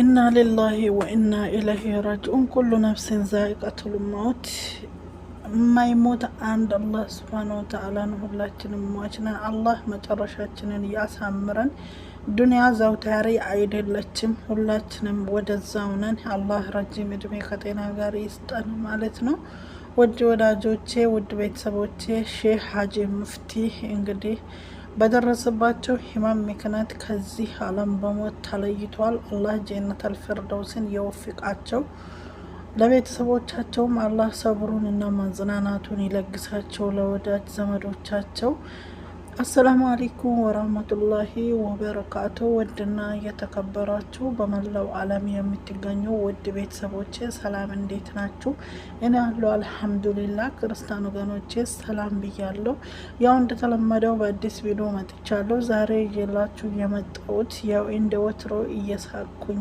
ኢና ሊላሂ ወኢና ኢለይሂ ራጅኡን። ኩሉ ነፍሲን ዛኢቀቱል መውት። የማይሞት አንድ አላህ ሱብሃነሁ ወተዓላ ነው። ሁላችንም ሟች ነን። አላህ መጨረሻችንን ያሳምረን። ዱንያ ዘውታሪ አይደለችም። ሁላችንም ወደዛው ነን። አላህ ረጅም እድሜ ከጤና ጋር ይስጠን ማለት ነው። ውድ ወዳጆቼ፣ ውድ ቤተሰቦቼ ሼህ ሀጂ ሙፍቲ እንግዲህ በደረሰባቸው ሕማም ምክንያት ከዚህ ዓለም በሞት ተለይቷል። አላህ ጀነት ፊርደውስን የወፍቃቸው። ለቤተሰቦቻቸውም አላህ ሰብሩን እና መጽናናቱን ይለግሳቸው። ለወዳጅ ዘመዶቻቸው አሰላሙ አሌይኩም ወራህመቱላሂ ወበረካቱ። ውድና እየተከበራችሁ በመላው ዓለም የምትገኙ ውድ ቤተሰቦች ሰላም፣ እንዴት ናችሁ? እኔ ያለው አልሐምዱሊላህ። ክርስቲያን ወገኖች ሰላም ብያለሁ። ያው እንደተለመደው በአዲስ ቪዲዮ መጥቻለሁ። ዛሬ እየላችሁ የመጣሁት ያው እንደ ወትሮ እየሳቅኩኝ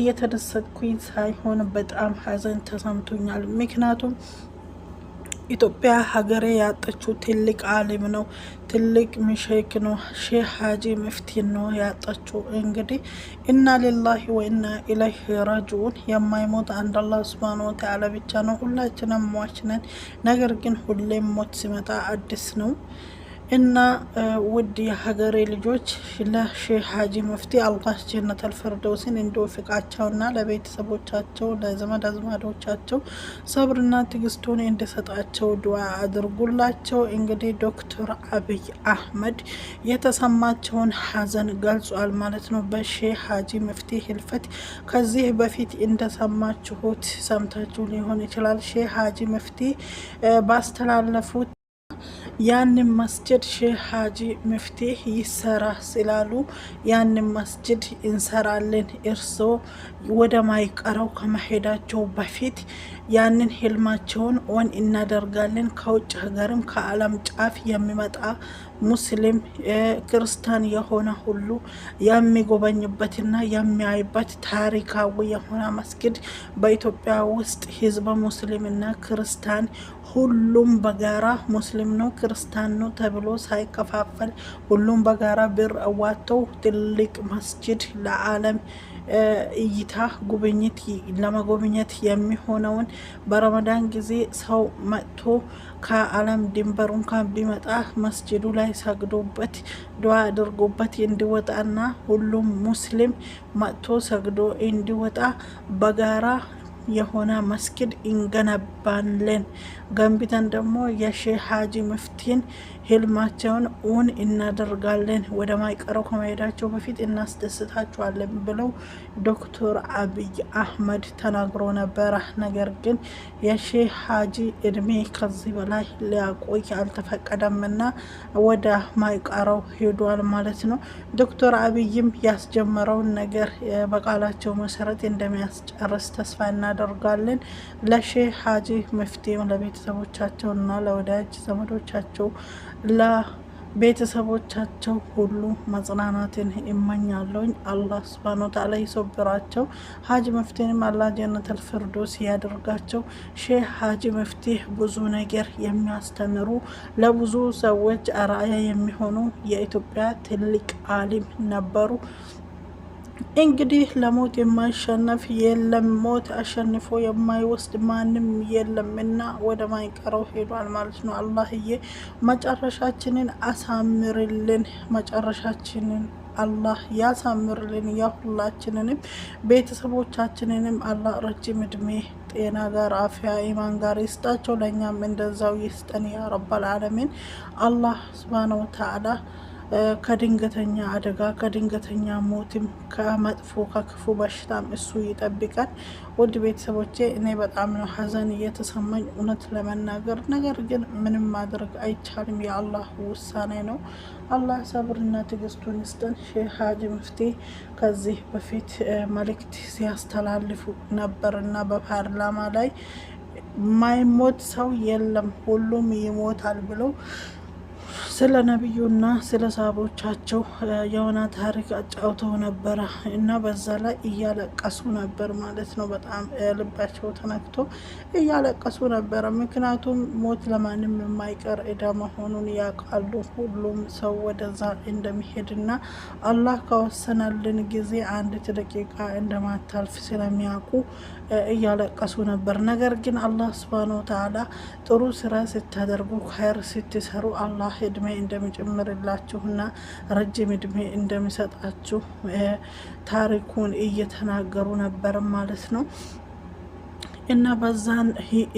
እየተደሰትኩኝ ሳይሆን በጣም ሀዘን ተሰምቶኛል። ምክንያቱም ኢትዮጵያ ሀገሬ ያጣችው ትልቅ አሊም ነው፣ ትልቅ ምሸክ ነው፣ ሼህ ሀጂ ሙፍቲ ነው ያጣችው። እንግዲህ ኢና ሊላሂ ወኢና ኢለይሂ ራጅዑን። የማይሞት አንድ አላህ ሱብሃነ ወተዓላ ብቻ ነው። ሁላችንም ሟች ነን። ነገር ግን ሁሌም ሞት ሲመጣ አዲስ ነው። እና ውድ የሀገሬ ልጆች ለሼህ ሀጂ ሙፍቲ አላህ ጀነተል ፊርደውስን እንዲወፍቃቸውና ለቤተሰቦቻቸው ለዘመድ አዝማዶቻቸው ሰብርና ትግስቱን እንዲሰጣቸው ድዋ አድርጉላቸው። እንግዲህ ዶክተር አብይ አህመድ የተሰማቸውን ሀዘን ገልጿል ማለት ነው በሼህ ሀጂ ሙፍቲ ህልፈት። ከዚህ በፊት እንደሰማችሁት ሰምታችሁ ሊሆን ይችላል ሼህ ሀጂ ሙፍቲ ባስተላለፉት ያንን መስጅድ ሼህ ሀጂ መፍትሄ ይሰራ ስላሉ ያንን መስጅድ እንሰራለን። እርሶ ወደ ማይቀረው ከመሄዳቸው በፊት ያንን ህልማቸውን ወን እናደርጋለን። ከውጭ ሀገርም ከአለም ጫፍ የሚመጣ ሙስሊም ክርስቲያን የሆነ ሁሉ የሚጎበኝበትና የሚያይበት ታሪካዊ የሆነ መስጊድ በኢትዮጵያ ውስጥ ህዝበ ሙስሊምና ክርስቲያን ሁሉም በጋራ ሙስሊም ነው ክርስቲያን ነው ተብሎ ሳይከፋፈል ሁሉም በጋራ ብር አዋጥተው ትልቅ መስጅድ ለዓለም እይታ ጉብኝት ለመጎብኘት የሚሆነውን በረመዳን ጊዜ ሰው መጥቶ ከዓለም ድንበር እንኳን ቢመጣ መስጅዱ ላይ ሰግዶበት ዱዓ አድርጎበት እንዲወጣና ሁሉም ሙስሊም መጥቶ ሰግዶ እንዲወጣ በጋራ የሆነ መስጊድ እንገነባለን ገንብተን ደግሞ የሼህ ሀጂ ምፍቲን ህልማቸውን እውን እናደርጋለን፣ ወደ ማይቀረው ከመሄዳቸው በፊት እናስደስታቸዋለን ብለው ዶክተር አብይ አህመድ ተናግሮ ነበረ። ነገር ግን የሼህ ሀጂ እድሜ ከዚህ በላይ ሊያቆይ አልተፈቀደምና ወደ ማይቀረው ሄዷል ማለት ነው። ዶክተር አብይም ያስጀመረውን ነገር በቃላቸው መሰረት እንደሚያስጨርስ ተስፋ እናደርጋለን። ለሼህ ሀጂ መፍትሄም ለቤተሰቦቻቸውና ለወዳጅ ዘመዶቻቸው ለቤተሰቦቻቸው ሁሉ መጽናናትን ይመኛለኝ። አላህ ስብሃነ ወተዓላ ይሶብራቸው። ሀጅ መፍትሄንም አላህ ጀነተል ፊርደውስ ያደርጋቸው። ሼህ ሀጅ መፍትህ ብዙ ነገር የሚያስተምሩ ለብዙ ሰዎች አርአያ የሚሆኑ የኢትዮጵያ ትልቅ አሊም ነበሩ። እንግዲህ ለሞት የማይሸነፍ የለም፣ ሞት አሸንፎ የማይወስድ ማንም የለም እና ወደ ማይቀረው ሄዷል ማለት ነው። አላህዬ መጨረሻችንን አሳምርልን፣ መጨረሻችንን አላህ ያሳምርልን። ያ ቤተሰቦቻችንንም አላህ ረጅም እድሜ ጤና ጋር አፍያ ኢማን ጋር ይስጣቸው፣ ለእኛም እንደዛው ይስጠን። ያ ረበል ዓለሚን አላህ ስብሃነ ወተዓላ ከድንገተኛ አደጋ ከድንገተኛ ሞትም ከመጥፎ ከክፉ በሽታም እሱ ይጠብቃል። ውድ ቤተሰቦቼ እኔ በጣም ነው ሀዘን እየተሰማኝ እውነት ለመናገር ነገር ግን ምንም ማድረግ አይቻልም። የአላህ ውሳኔ ነው። አላህ ሰብርና ትግስቱን ይስጠን። ሼህ ሀጂ ሙፍቲ ከዚህ በፊት መልእክት ሲያስተላልፉ ነበርና በፓርላማ ላይ ማይሞት ሰው የለም ሁሉም ይሞታል ብለው ስለ ነቢዩና ስለ ሰሃቦቻቸው የሆነ ታሪክ አጫውተው ነበረ እና በዛ ላይ እያለቀሱ ነበር ማለት ነው። በጣም ልባቸው ተነክቶ እያለቀሱ ነበረ። ምክንያቱም ሞት ለማንም የማይቀር እዳ መሆኑን ያውቃሉ። ሁሉም ሰው ወደዛ እንደሚሄድና አላህ ከወሰነልን ጊዜ አንዲት ደቂቃ እንደማታልፍ ስለሚያውቁ እያለቀሱ ነበር። ነገር ግን አላህ ስብሃነ ወተዓላ ጥሩ ስራ ስታደርጉ ኸይር ስትሰሩ አላህ እድሜ እንደሚጨምርላችሁና ረጅም እድሜ እንደሚሰጣችሁ ታሪኩን እየተናገሩ ነበር ማለት ነው። እና በዛን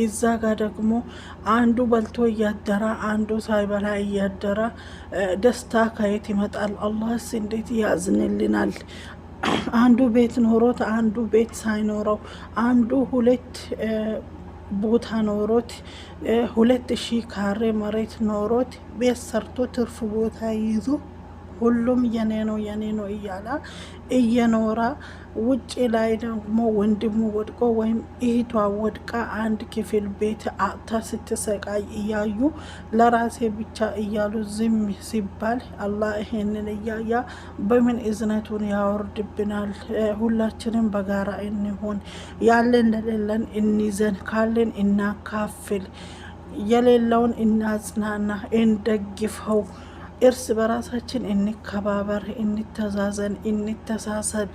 እዛ ጋ ደግሞ አንዱ በልቶ እያደራ አንዱ ሳይበላ እያደራ ደስታ ከየት ይመጣል? አላህስ እንዴት ያዝንልናል? አንዱ ቤት ኖሮት አንዱ ቤት ሳይኖረው አንዱ ሁለት ቦታ ኖሮት ሁለት ሺህ ካሬ መሬት ኖሮት ቤት ሰርቶ ትርፍ ቦታ ይዞ ሁሉም የኔ ነው የኔ ነው እያለ እየኖረ ውጭ ላይ ደግሞ ወንድሙ ወድቆ ወይም እህቷ ወድቃ አንድ ክፍል ቤት አጥታ ስትሰቃይ እያዩ ለራሴ ብቻ እያሉ ዝም ሲባል አላህ ይሄንን እያያ በምን እዝነቱን ያወርድብናል? ሁላችንም በጋራ እንሆን፣ ያለን ለሌለን እኒዘን ካለን እናካፍል፣ የሌለውን እናጽናና፣ እንደግፈው። እርስ በራሳችን እንከባበር፣ እንተዛዘን፣ እንተሳሰብ፣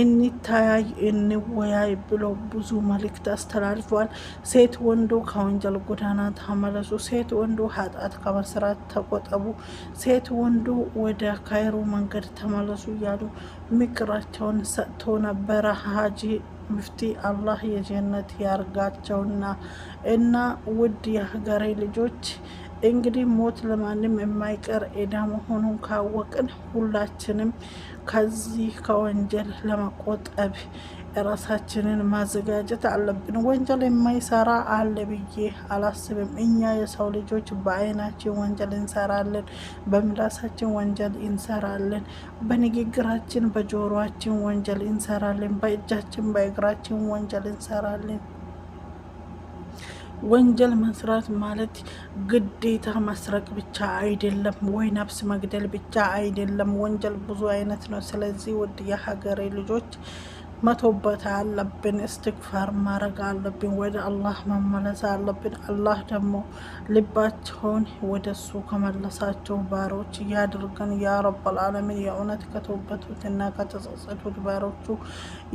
እንታያይ፣ እንወያይ ብሎ ብዙ መልእክት አስተላልፏል። ሴት ወንዶ ከወንጀል ጎዳና ተመለሱ። ሴት ወንዶ ኃጢአት ከመስራት ተቆጠቡ። ሴት ወንዶ ወደ ካይሮ መንገድ ተመለሱ እያሉ ምክራቸውን ሰጥቶ ነበረ ሀጂ ሙፍቲ አላህ የጀነት ያርጋቸውና እና ውድ የሀገሬ ልጆች እንግዲህ ሞት ለማንም የማይቀር ኤዳ መሆኑን ካወቅን ሁላችንም ከዚህ ከወንጀል ለመቆጠብ የራሳችንን ማዘጋጀት አለብን። ወንጀል የማይሰራ አለ ብዬ አላስብም። እኛ የሰው ልጆች በአይናችን ወንጀል እንሰራለን፣ በምላሳችን ወንጀል እንሰራለን፣ በንግግራችን በጆሮችን ወንጀል እንሰራለን፣ በእጃችን በእግራችን ወንጀል እንሰራለን። ወንጀል መስራት ማለት ግዴታ መስረቅ ብቻ አይደለም፣ ወይ ነፍስ መግደል ብቻ አይደለም። ወንጀል ብዙ አይነት ነው። ስለዚህ ውድ የሀገሬ ልጆች መቶበት አለብን። እስትግፋር ማድረግ አለብን። ወደ አላህ መመለስ አለብን። አላህ ደግሞ ልባቸውን ወደ እሱ ከመለሳቸው ባሮች እያድርገን ያ ረበል ዓለሚን። የእውነት ከተውበቱትና ከተጸጸቱት ባሮቹ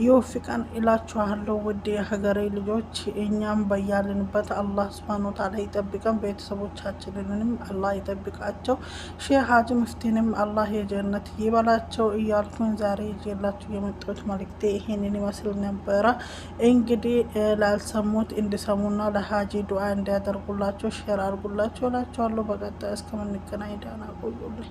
ይወፍቀን እላችኋለሁ። ውድ የሀገሬ ልጆች እኛም በያልንበት አላህ ስብሃነ ወተዓላ ይጠብቀን። ቤተሰቦቻችንንም አላህ ይጠብቃቸው። ሼህ ሀጅ ሙፍቲንም አላህ የጀነት ይበላቸው እያልኩኝ ዛሬ ይዤላችሁ የመጣሁት መልእክቴ ይሄ ይህንን ይመስል ነበረ። እንግዲህ ላልሰሙት እንዲሰሙና ለሀጂ ዱዓ እንዲያደርጉላቸው ሼር አድርጉላቸው እላቸዋለሁ። በቀጣይ እስከምንገናኝ ደህና ቆዩልኝ።